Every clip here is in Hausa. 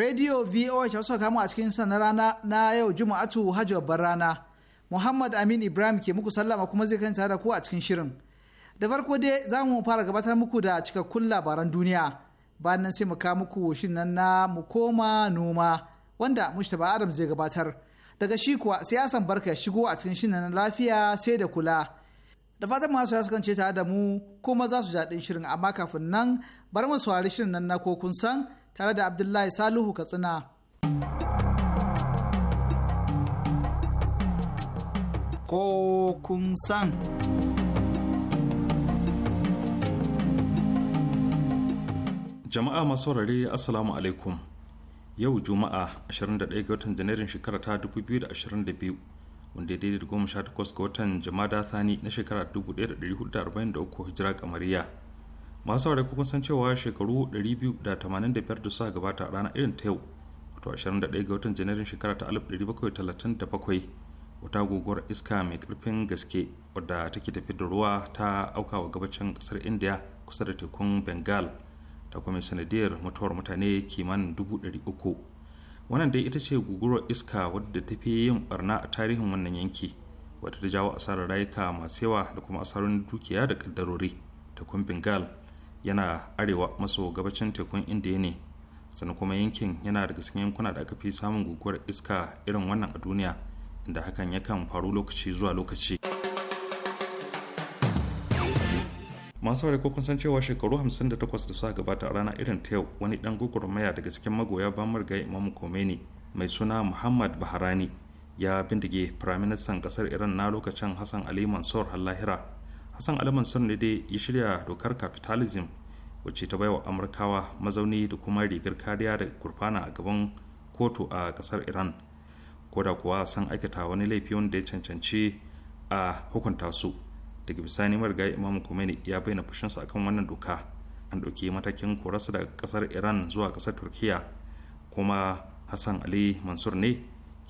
Radio VOH wasu kama a cikin sa rana na yau Juma'atu Hajji babbar rana. Muhammad Amin Ibrahim ke muku sallama kuma zai kanta da ku a cikin shirin. Da farko dai za mu fara gabatar muku da cikakkun labaran duniya. Bayan nan sai mu kawo muku shin nan na mu koma noma wanda Mustapha Adam zai gabatar. Daga shi kuwa siyasan barka ya shigo a cikin shirin nan lafiya sai da kula. Da fatan masu ya sukan ce tare da mu kuma za su jaɗin shirin amma kafin nan bar mu saurari shirin nan na ko kun san tare da Abdullahi saluhu Katsina. Ko kun san. Jama'a masu saurare Assalamu alaikum. Yau Juma'a 21 ga watan Janairun shekara ta 2022 wanda daidai da 18 ga watan Jama'a Thani na shekara 1443 Hijira kamariya. masu saurari kuma san cewa shekaru 285 da suka gabata a ranar irin ta yau wato 21 ga watan janairun shekara ta 1737 wata guguwar iska mai karfin gaske wadda take tafi da ruwa ta auka wa gabacin kasar india kusa da tekun bengal ta kuma sanadiyar mutuwar mutane kimanin 300 wannan dai ita ce guguwar iska wadda ta fi yin barna a tarihin wannan yanki wadda ta jawo asarar rayuka masu yawa da kuma asarar dukiya da kaddarori tekun bengal yana arewa maso gabacin tekun indiya ne sannan kuma yankin yana daga cikin yankuna da aka fi samun guguwar iska irin wannan a duniya inda hakan yakan faru lokaci zuwa lokaci masu saurari ko san cewa shekaru 58 da suka gabata a rana irin ta yau wani dan gugurmaya daga cikin magoya ban marigayi imam komeni mai suna muhammad baharani ya bindige firaministan kasar iran na lokacin hassan ali mansur lahira hassan sun ne dai ya shirya dokar capitalism wacce ta baiwa amurkawa mazauni da kuma rigar kariya da kurfana a gaban kotu a kasar iran ko da kuwa san aikata wani laifi wanda ya cancanci a hukunta su daga bisani marga imam kumeni ya bayyana fushinsa akan wannan doka an ɗauki matakin korarsa daga kasar iran zuwa kasar turkiya kuma hassan ali mansur ne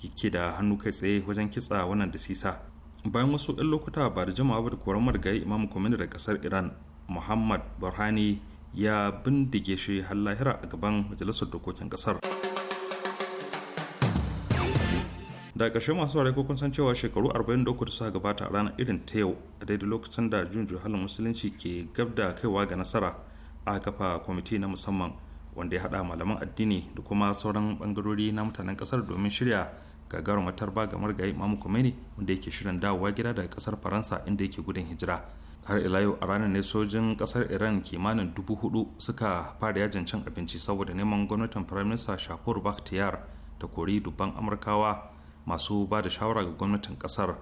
yake da hannu kai tsaye wajen kitsa wannan dasisa bayan wasu 'yan lokuta ba da jimawa da koran marigayi imam kwamini da kasar iran muhammad burhani ya bindige shi har lahira a gaban majalisar dokokin kasar da ƙarshe masu ware kun san cewa shekaru 43 da suka gabata a ranar irin ta yau a daidai lokacin da jin halin musulunci ke gab da kaiwa ga nasara a kafa kwamiti na musamman wanda ya haɗa malaman addini da kuma sauran bangarori na mutanen ƙasar domin shirya gagarumar tarba ga margayi Imam Khomeini wanda yake shirin dawowa gida daga kasar Faransa inda yake gudun hijira. Har ila yau a ranar ne sojin kasar Iran kimanin dubu hudu suka fara yajin cin abinci saboda neman gwamnatin Firaminista Shapur Bakhtiyar da kori dubban Amurkawa masu ba da shawara ga gwamnatin kasar.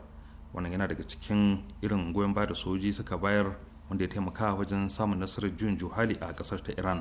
Wannan yana daga cikin irin goyon ba da soji suka bayar wanda ya taimaka wajen samun nasarar juyin juhali a kasar ta Iran.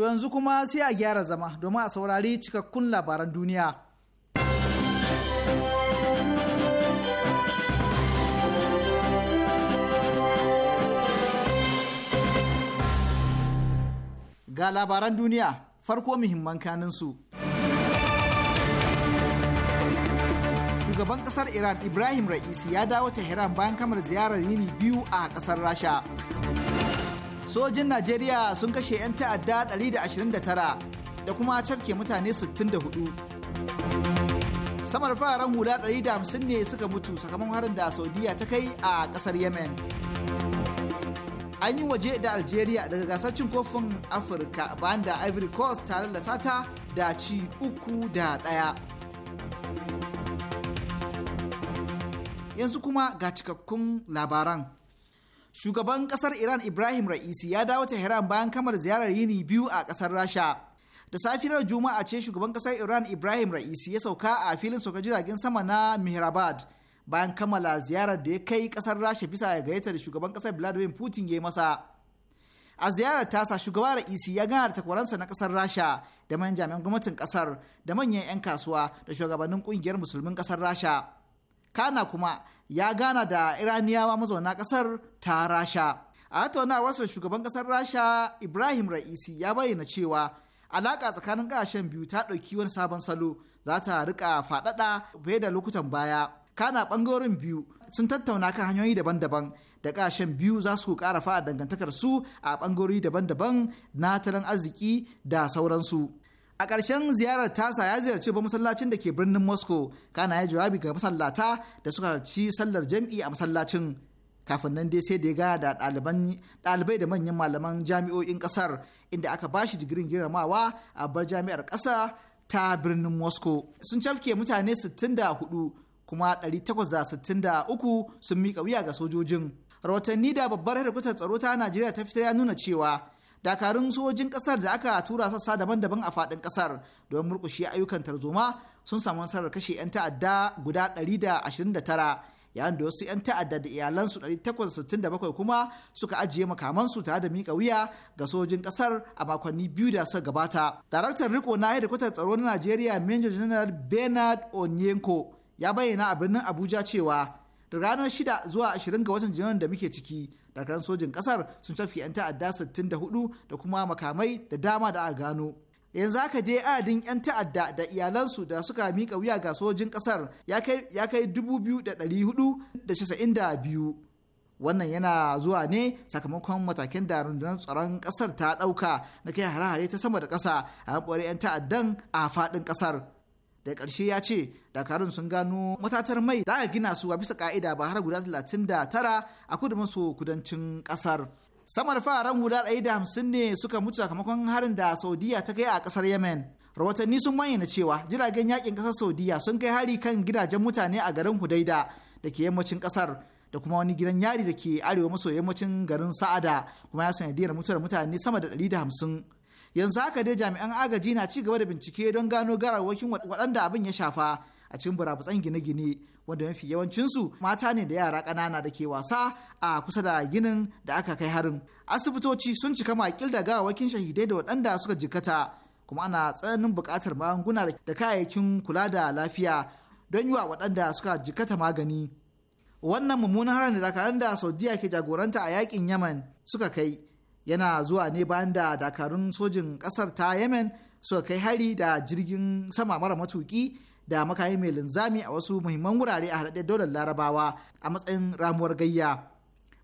To yanzu kuma sai a gyara zama domin a saurari cikakkun labaran duniya. Ga labaran duniya farko muhimman kaninsu. Shugaban ƙasar Iran Ibrahim Ra'isi ya dawo Tehran bayan kamar ziyarar yini biyu a ƙasar Rasha. sojin najeriya sun kashe 'yan ta'adda 129 da kuma cafke mutane 64 samar faran hula 150 ne suka mutu sakamakon harin da saudiya ta kai a kasar yemen an yi waje da algeria daga gasar cin kofin afirka bayan da ivory coast tare da sata da ci uku da ɗaya yanzu kuma ga cikakkun labaran shugaban kasar iran ibrahim ra'isi ya dawo tehran bayan kamar ziyarar yini biyu a kasar rasha da safiyar juma'a ce shugaban kasar iran ibrahim ra'isi ya sauka a filin sauka jiragen sama na mihrabad bayan kammala ziyarar da ya kai kasar rasha bisa ga gayyatar shugaban kasar vladimir putin ya yi masa a ziyarar tasa shugaban ra'isi ya gana da takwaransa na kasar rasha da manyan jami'an gwamnatin kasar da manyan 'yan kasuwa da shugabannin kungiyar musulmin kasar rasha kana kuma ya gana da iraniyawa mazauna kasar ta rasha a tattaunawarsa shugaban kasar rasha ibrahim ra'isi ya bayyana cewa alaƙa tsakanin ƙasashen biyu ta ɗauki wani sabon salo za ta rika faɗaɗa fiye da lokutan baya kana ɓangarorin biyu sun tattauna kan hanyoyi daban-daban da ƙasashen biyu za su ƙara fa'a dangantakar su a ɓangarori daban-daban na tattalin arziki da sauransu a ƙarshen ziyarar tasa ya ziyarci babban masallacin da ke birnin moscow kana ya jawabi ga masallata da suka ci sallar jam'i a masallacin kafin nan dai sai da ya gana da ɗalibai da manyan malaman jami'o'in ƙasar inda aka ba shi digirin girmamawa a bar jami'ar ƙasa ta birnin moscow sun cafke mutane 64 kuma 863 sun miƙa wuya ga sojojin rahotanni da babbar harkutar tsaro ta najeriya ta fitar ya nuna cewa dakarun sojin kasar da aka tura sassa daban-daban a faɗin kasar don murkushe ayyukan tarzoma sun samu nasarar kashe 'yan ta'adda guda 129 yayin da wasu 'yan ta'adda da iyalansu 867 kuma suka ajiye makamansu tare da miƙa wuya ga sojin kasar a makonni biyu da suka gabata. Daraktan riko na hedikwatar tsaro na Najeriya Major General Bernard Onyenko ya bayyana a birnin Abuja cewa ranar 6 zuwa 20 ga watan Janairun da muke ciki dakarun sojin kasar sun tafi 'yan ta'adda 64 da kuma makamai da dama da a gano yanzu haka dai adadin 'yan ta'adda da iyalansu da suka mika wuya ga sojin kasar ya kai 2,492 wannan yana zuwa ne sakamakon matakin da rundunar tsaron kasar ta ɗauka na kai hare-hare ta sama da ƙasa a 'yan ta'addan a faɗin ƙasar. da ƙarshe ya ce dakarun sun gano matatar mai za a gina su a bisa ka'ida ba har guda 39 a kudu maso kudancin ƙasar samar da fararen guda 150 ne suka mutu sakamakon harin da saudiya ta kai a ƙasar yemen rahotanni sun bayyana cewa jiragen yakin ƙasar saudiya sun kai hari kan gidajen mutane a garin hudaida da ke yammacin ƙasar da kuma wani gidan yari da ke arewa maso yammacin garin sa'ada kuma ya sanadiyar mutuwar mutane sama da 150 yanzu haka dai jami'an agaji na ci gaba da bincike don gano garawakin waɗanda abin ya shafa a cikin burabutsan gine-gine wanda mafi yawancinsu mata ne da yara ƙanana da ke wasa a kusa da ginin da aka kai harin asibitoci sun cika makil da gawakin shahidai da waɗanda suka jikkata kuma ana tsananin buƙatar magunguna da kayayyakin kula da lafiya don yi wa waɗanda suka jikkata magani wannan mummunan harin da dakarun da saudiya ke jagoranta a yakin yaman suka kai yana zuwa ne bayan da dakarun sojin ƙasar ta yemen suka kai hari da jirgin sama mara matuki da makami mai linzami a wasu muhimman wurare a haɗaɗɗen daular larabawa a matsayin ramuwar gayya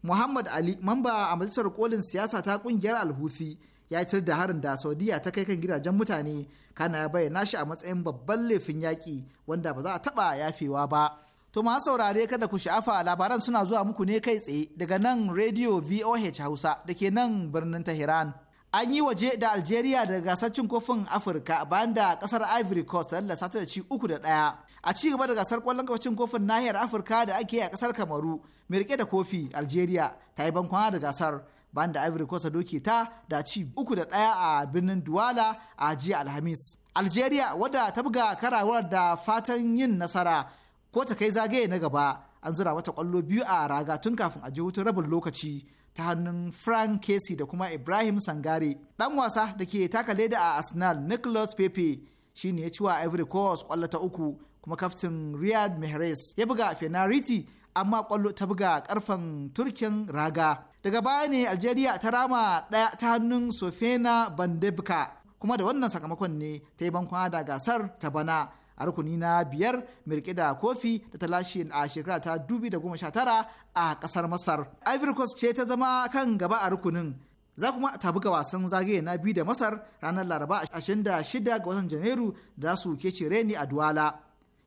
muhammad ali mamba a majalisar kolin siyasa ta ƙungiyar alhuthi ya tir da harin da saudiya ta kai kan gidajen mutane kana ya bayyana shi a matsayin babban laifin yaƙi wanda ba za a taɓa yafewa ba To masu saurare kada ku sha'afa labaran suna zuwa muku ne kai tsaye daga nan Radio VOH Hausa da ke nan birnin Tehran. An yi waje da Algeria da gasar cin kofin Afirka bayan da kasar Ivory Coast da ta ci uku da ɗaya. A ci gaba da gasar kwallon cin kofin nahiyar Afirka da ake yi a kasar Kamaru mai rike da kofi Algeria ta yi bankwana da gasar bayan da Ivory Coast doke ta da ci uku da ɗaya a birnin Duwala a jiya Alhamis. Algeria wadda ta buga karawar da fatan yin nasara ko ta kai zagaye na gaba an zura mata kwallo biyu a raga tun kafin a je hutun rabin lokaci ta hannun Frank Casey da kuma Ibrahim Sangare. Dan wasa da ke taka leda a Arsenal Nicholas Pepe shi ne ya ciwa Ivory Coast kwallo ta uku kuma kaftin Riyad Mahrez ya buga fenariti amma kwallo ta buga karfan turkin raga. Daga baya ne Algeria ta rama ɗaya ta hannun Sofena Bandebka kuma da wannan sakamakon ne ta yi bankwana da gasar ta bana. a rukuni na biyar mirke da kofi da talashi a shekara ta 2019 a kasar masar ivory coast ce ta zama kan gaba a rukunin za kuma ta buga wasan zagaye na biyu da masar ranar laraba da 26 ga watan janairu za su kece ni a duwala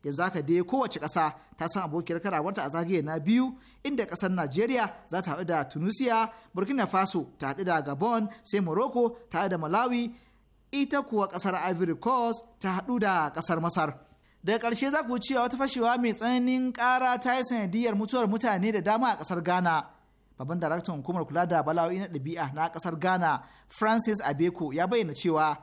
yanzu haka dai kowace ƙasa ta san abokiyar karawarta a zagaye na biyu inda ƙasar najeriya za ta haɗu da tunisia burkina faso ta haɗu da gabon sai morocco ta haɗu da malawi ita kuwa kasar Ivory Coast ta haɗu da kasar Masar. Daga ƙarshe za ku cewa wata fashewa mai tsananin ƙara ta yi sanadiyar mutuwar mutane da dama a ƙasar Ghana. Babban daraktan hukumar kula da bala'o'i na ɗabi'a na kasar Ghana Francis Abeko ya bayyana cewa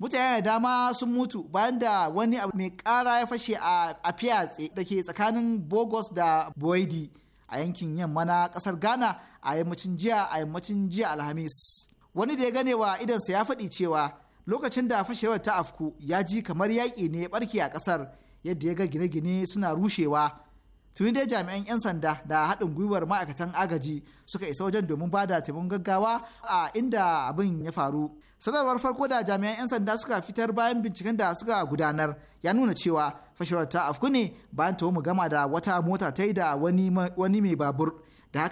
mutane da dama sun mutu bayan da wani abu mai ƙara ya fashe a fiyatse da ke tsakanin Bogos da Boydi a yankin yamma na kasar Ghana a yammacin jiya a yammacin jiya Alhamis. Wani da ya gane wa idansa ya faɗi cewa lokacin da fashewar ta afku ya ji kamar yaƙi ne barke a ƙasar yadda ya ga gine-gine suna rushewa tuni dai jami'an 'yan sanda da haɗin gwiwar ma'aikatan agaji suka isa wajen domin ba da taimakon gaggawa a inda abin ya faru sanarwar farko da jami'an 'yan sanda suka fitar bayan binciken da suka gudanar ya nuna cewa fashewar ta afku ne bayan ta mu gama da wata mota ta yi da wani mai babur da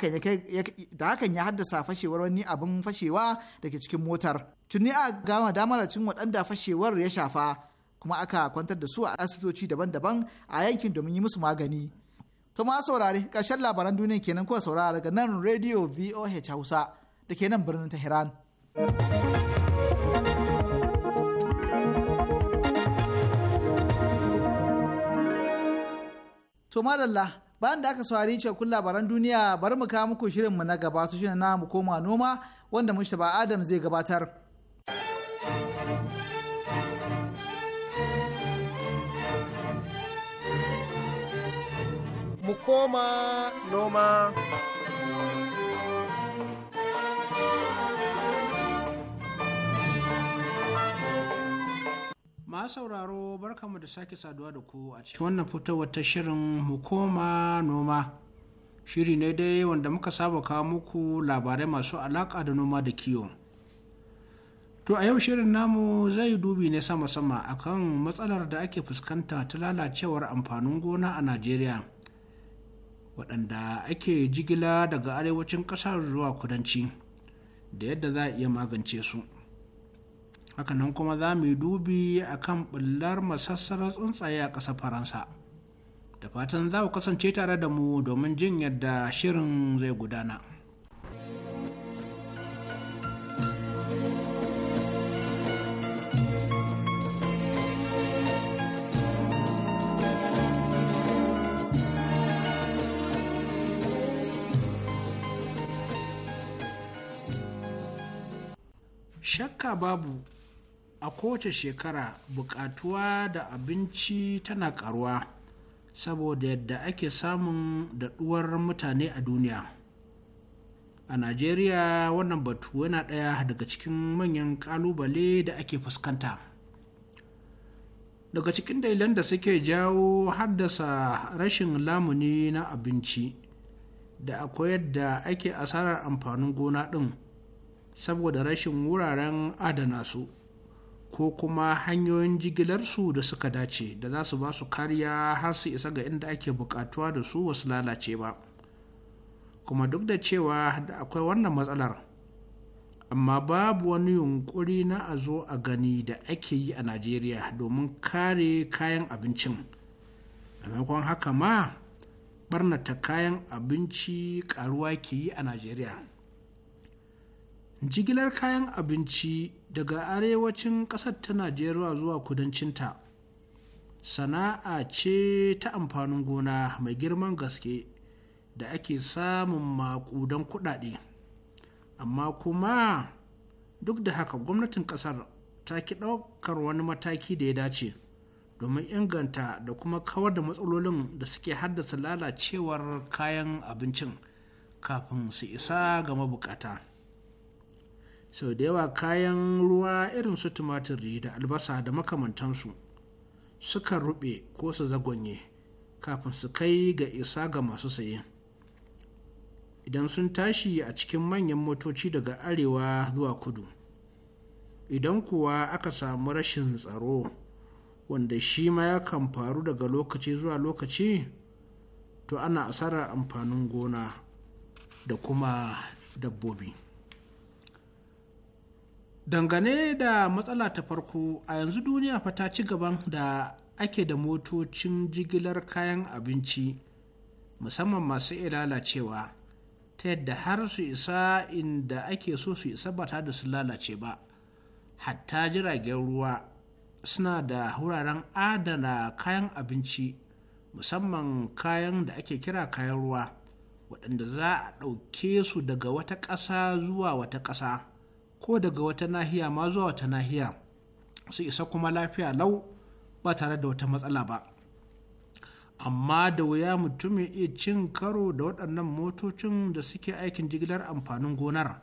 hakan ya haddasa fashewar wani abin fashewa da ke cikin motar tuni a gama damar cin waɗanda fashewar ya shafa kuma aka kwantar da su a asibitoci daban-daban a yankin domin yi musu magani. To ma saurare ƙarshen labaran duniya kenan kuwa saurara daga nan Radio VOH Hausa da ke nan birnin Tehran. To madalla bayan da aka saurari cikakkun labaran duniya bari mu kawo muku mu na gaba to shi na mu koma noma wanda Mustapha Adam zai gabatar. mu koma noma. Ma sauraro barkamu da sake saduwa da ku a cikin wannan fitowar ta shirin mu koma noma. Shiri ne dai wanda muka saba kawo muku labarai masu alaƙa da noma da kiwo. To a yau shirin namu zai dubi ne sama-sama akan matsalar da ake fuskanta ta lalacewar amfanin gona a Najeriya waɗanda ake jigila daga arewacin ƙasar zuwa kudanci da yadda za a iya magance su hakanan kuma za mu yi dubi a kan ɓullar masassarar tsuntsaye a ƙasar faransa da fatan za ku kasance tare da mu domin jin yadda shirin zai gudana. shakka babu a kowace shekara bukatuwa da abinci tana karuwa saboda yadda ake samun daɗuwar mutane a duniya a najeriya wannan batu yana ɗaya daga cikin manyan ƙalubale da ake fuskanta daga cikin dalilan da suke jawo haddasa rashin lamuni na abinci da akwai yadda ake asarar amfanin gona ɗin saboda rashin wuraren adana su ko kuma hanyoyin jigilarsu da suka dace da za su ba su kariya har su isa ga inda ake bukatuwa da su wasu lalace ba kuma duk da cewa da akwai wannan matsalar amma babu wani yunkuri na a zo a gani da ake yi a najeriya domin kare kayan abincin a maimakon haka ma barnata kayan abinci karuwa ke yi a najeriya jigilar kayan abinci daga arewacin ƙasar ta najeriya zuwa kudancinta sana'a ce ta amfanin gona mai girman gaske da ake samun makudan kuɗaɗe amma kuma duk da haka gwamnatin ƙasar ta ki ɗaukar wani mataki da ya dace domin inganta da kuma kawar da matsalolin da suke haddasa lalacewar kayan abincin kafin su isa ga mabukata. sau da yawa kayan ruwa irin su tumatiri da albasa da makamantansu sukan ruɓe ko su zagonye kafin su kai ga isa ga masu saye idan sun tashi a cikin manyan motoci daga arewa zuwa kudu idan kuwa aka samu rashin tsaro wanda shi ma yakan faru daga lokaci zuwa lokaci to ana asarar amfanin gona da kuma dabbobi. dangane da matsala ta farko a yanzu duniya fa ta ci gaban da ake da motocin jigilar kayan abinci musamman masu lalacewa ta yadda har su isa inda ake so su isa ba da su lalace ba hatta jiragen ruwa suna da wuraren adana kayan abinci musamman kayan da ake kira kayan ruwa waɗanda za a ɗauke su daga wata ƙasa zuwa wata ƙasa ko daga wata nahiya ma zuwa wata nahiya su isa kuma lafiya lau ba tare da wata matsala ba amma da wuya mutum ya iya cin karo da waɗannan motocin da suke aikin jigilar amfanin gonar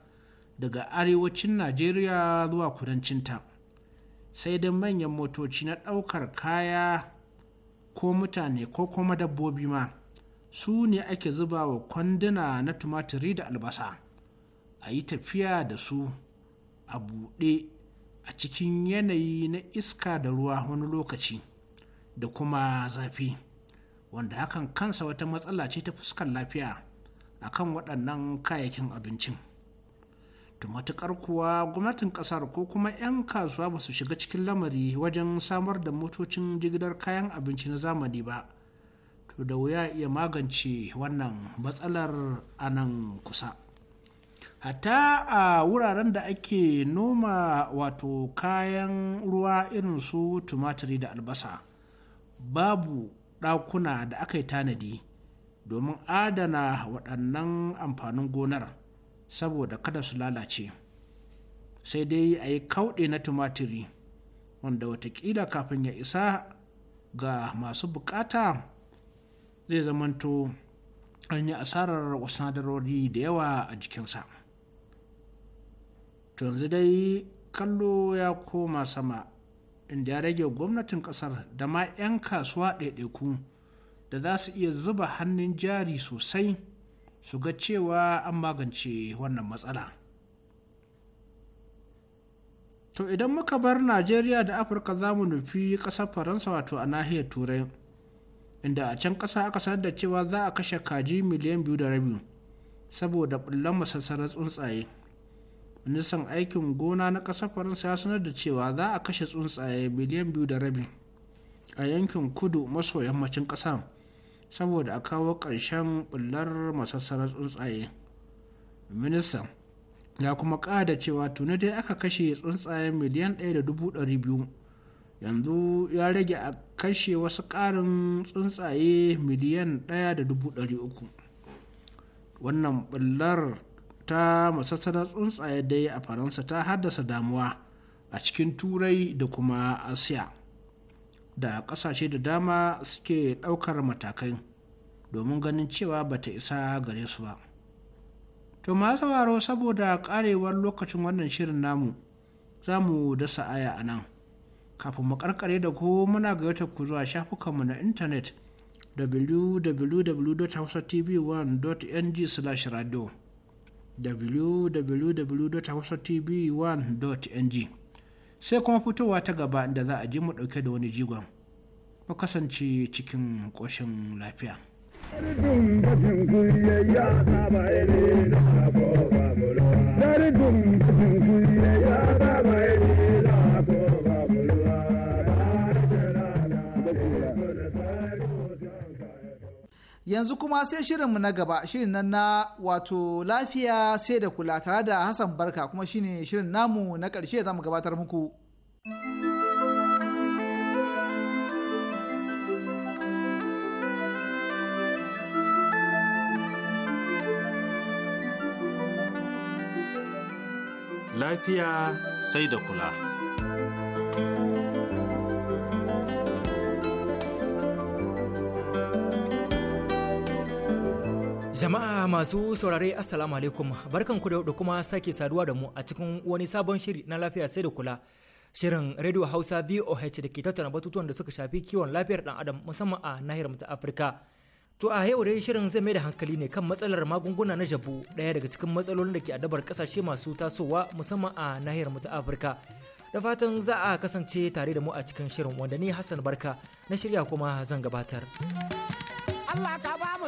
daga arewacin najeriya zuwa kudancinta sai da manyan motoci na ɗaukar kaya ko mutane ko kuma dabbobi ma su ne ake zuba wa kwanduna na tumatiri da albasa a yi tafiya da su a buɗe a cikin yanayi na iska da ruwa wani lokaci da kuma zafi wanda hakan kansa wata matsala ce ta fuskar lafiya a kan waɗannan kayayyakin abincin to matuƙar kuwa gwamnatin ƙasar ko kuma 'yan kasuwa ba su shiga cikin lamari wajen samar da motocin jigidar kayan abinci na zamani ba to da wuya iya magance wannan matsalar anan kusa. Hata a wuraren da ake noma wato kayan ruwa irin su tumatiri da albasa babu ɗakuna da aka yi tanadi domin adana waɗannan amfanin gonar saboda kada su lalace sai dai a yi kauɗe na tumatiri wanda watakila kafin ya isa ga masu bukata zai zamanto an yi asarar wasu da yawa a jikinsa. to yanzu dai kallo ya koma sama inda ya rage gwamnatin kasar da ma 'yan kasuwa ɗaiɗaiku da za su iya zuba hannun jari sosai su ga cewa an magance wannan matsala to idan muka bar najeriya da afirka za mu nufi ƙasar faransa wato a nahiyar turai inda a can ƙasa aka sanar da cewa za a kashe kaji miliyan biyu da rabi saboda ɓullan masassarar tsuntsaye ministan aikin gona na ƙasar faransa ya sanar da cewa za a kashe tsuntsaye miliyan biyu da rabi a yankin kudu maso yammacin ƙasa saboda a kawo ƙarshen bullar masassarar tsuntsaye ministan ya kuma ƙada cewa tuni dai aka kashe tsuntsaye miliyan ɗaya da dubu ɗari biyu yanzu ya rage a kashe wasu ƙarin tsuntsaye miliyan ɗaya da dubu ɗari uku wannan bullar ta masassarar tsuntsaye dai a faransa ta haddasa damuwa a cikin turai da kuma asiya da kasashe da dama suke ɗaukar matakai domin ganin cewa bata isa gare su ba to ma sauraro saboda ƙarewar lokacin wannan shirin namu za mu dasa aya a nan kafin mu karkare da ku muna gayyata ku zuwa shafukanmu na intanet www.hausatv1.ng/radio www.hausatv1.ng sai kuma fitowa ta gaba da za a ji mu dauke da wani jigon mu kasance cikin ƙoshin lafiya. Dari yanzu kuma sai shirinmu na gaba shirin nan na wato lafiya sai da kula tare da hassan barka kuma shine shirin namu na ƙarshe za mu gabatar muku lafiya sai da kula Jama'a masu saurare Assalamu alaikum ku da da kuma sake saduwa da mu a cikin wani sabon shiri na lafiya sai da kula. Shirin Radio Hausa VOH da ke tattara batutuwan da suka shafi kiwon lafiyar dan adam musamman a nahiyar ta Afirka. To a yau dai shirin zai mai da hankali ne kan matsalar magunguna na jabu ɗaya daga cikin matsalolin da ke adabar kasashe masu tasowa musamman a nahiyar ta Afirka. Da fatan za a kasance tare da mu a cikin shirin wanda ni Hassan Barka na shirya kuma zan gabatar. Allah ka ba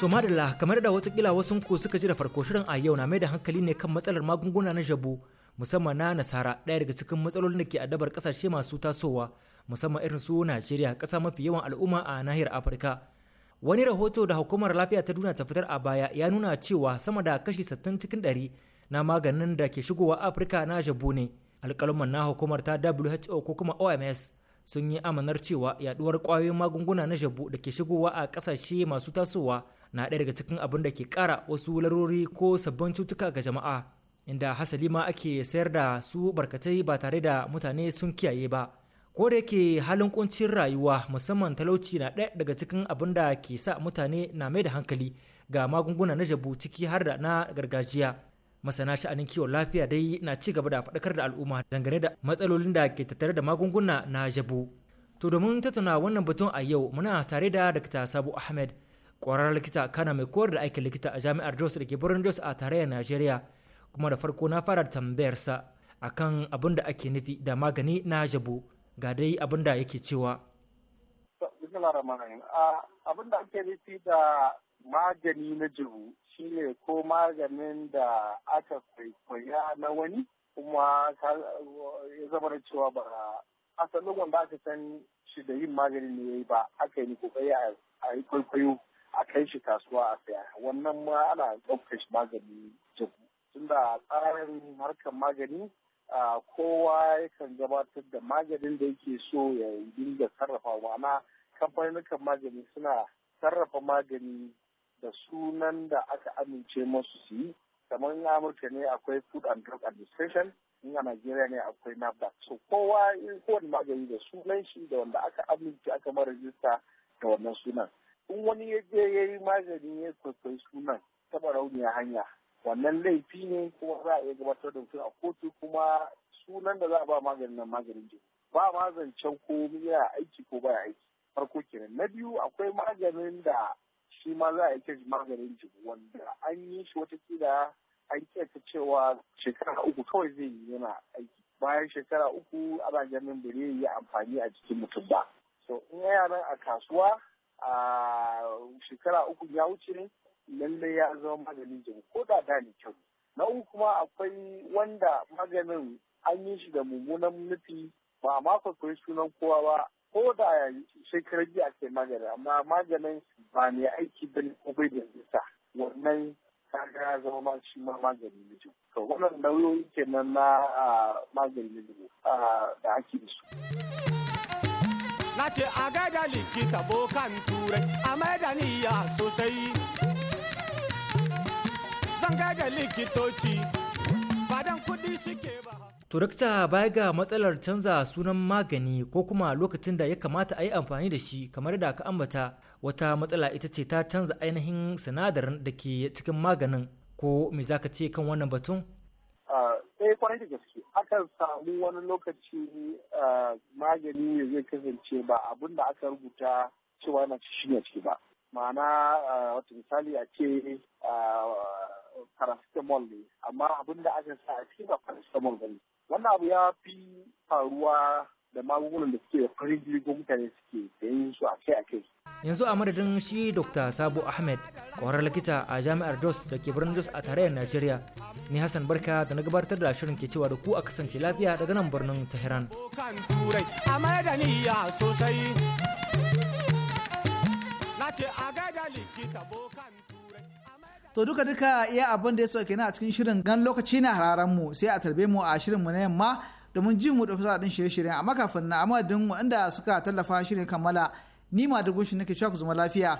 To madalla kamar da watakila wasu ku suka ji da farko shirin a yau na mai da hankali ne kan matsalar magunguna na jabu musamman na nasara ɗaya daga cikin matsalolin da ke adabar kasashe masu tasowa musamman irin su Najeriya ƙasa mafi yawan al'umma a nahiyar Afirka. Wani rahoto da hukumar lafiya ta duniya ta fitar a baya ya nuna cewa sama da kashi 60 cikin 100 na maganin da ke shigowa Afirka na jabu ne. alkalaman na hukumar ta WHO ko kuma OMS sun yi amanar cewa yaduwar ƙwayoyin magunguna na jabu da ke shigowa a ƙasashe masu tasowa na ɗaya daga cikin abin da ke ƙara wasu larori ko sabbin cutuka ga jama'a inda hasali ma ake sayar da su barkatai ba tare da mutane sun kiyaye ba ko da yake halin kuncin rayuwa musamman talauci na ɗaya daga cikin abin da ke sa mutane na mai da hankali ga magunguna na jabu ciki har da na gargajiya masana sha'anin kiwon lafiya dai na ci gaba da faɗakar da al'umma dangane da matsalolin da ke tattare da magunguna na jabu to domin tattauna wannan batun a yau muna tare da dr sabu ahmed ƙwararren likita kana mai koyar da aikin likita a jami'ar jos da ke birnin jos a tarayyar najeriya kuma da farko na fara tambayarsa akan abin da ake nufi da magani na jabo ga dai abin da yake cewa abin da ake nufi da magani na shi ne ko maganin da aka kwaikwaya na wani kuma ya zama da cewa ba asalin wanda aka san shi da yin magani ne ba aka yi ni kokari a yi kwaikwayo a kai shi kasuwa a saya wannan ma ana ɗaukar shi magani jiku tunda tsarin harkar magani kowa yakan gabatar da maganin da yake so ya dinga sarrafa ma'ana kamfanin magani suna sarrafa magani da sunan da aka amince masu su yi kamar in amurka ne akwai food and drug administration in a nigeria ne akwai nafda so kowa kowane magani da sunan shi da wanda aka amince aka mara rajista da wannan sunan in wani ya je ya yi magani ya kwaikwayi sunan ta barauniya hanya wannan laifi ne kuma za a iya gabatar da mutum a kotu kuma sunan da za a ba maganin nan maganin jini ba ma zancen ko yana aiki ko baya aiki farko kenan na biyu akwai maganin da shi ma za a iya maganin jini wanda an yi shi watakila an kiyata cewa shekara uku kawai zai yi yana aiki bayan shekara uku ana ganin ba zai yi amfani a jikin mutum ba so in yana a kasuwa a shekara uku ya wuce ne lallai ya zama maganin jini, ko da da ne kyau na uku kuma akwai wanda maganin an yi shi da mummunan nufi ba ma kwakwai sunan kowa ba ko da shekarar jiya kai magani amma maganin ba ne aiki ko bai da nisa wannan kaga ya zama ma shi ma magani na to wannan nauyoyi kenan na ah, maganin jini ah, da ake da su. na ce a gaida likita bokan turai a maida ya sosai zan gaida likitoci badan kudi suke ba rikta baya ga matsalar canza sunan magani ko kuma lokacin da ya kamata a yi amfani da shi kamar da ka ambata wata matsala ita ce ta canza ainihin sinadarin da ke cikin maganin ko me za ka ce kan wannan batun? sai ah, eh, kwanan akan samu wani lokaci eh, magani ne zai kasance ba abin da aka rubuta cewa yana cikin ciki ba ma'ana eh, wata misali a ce eh, paracetamol ne amma abin da aka sa a ce ba paracetamol ba ne wannan abu ya fi faruwa da magungunan da suke mutane suke sayan su a kai a kai. Yanzu a madadin shi Dr. Sabo Ahmed, ƙwarar likita a Jami'ar Jos da ke birnin Jos a tarayyar Najeriya. Ni Hassan Barka da na gabatar da shirin ke cewa da ku a kasance lafiya daga nan birnin Tehran. To duka duka iya abin da ya sauke na a cikin shirin gan lokaci na hararen mu sai a tarbe mu a shirin mu na yamma domin jin mu ɗauki sa'adin shirye-shiryen amma makafin na amadin wanda suka tallafa shirin kammala ni ma da gushi nake cewa ku zama lafiya.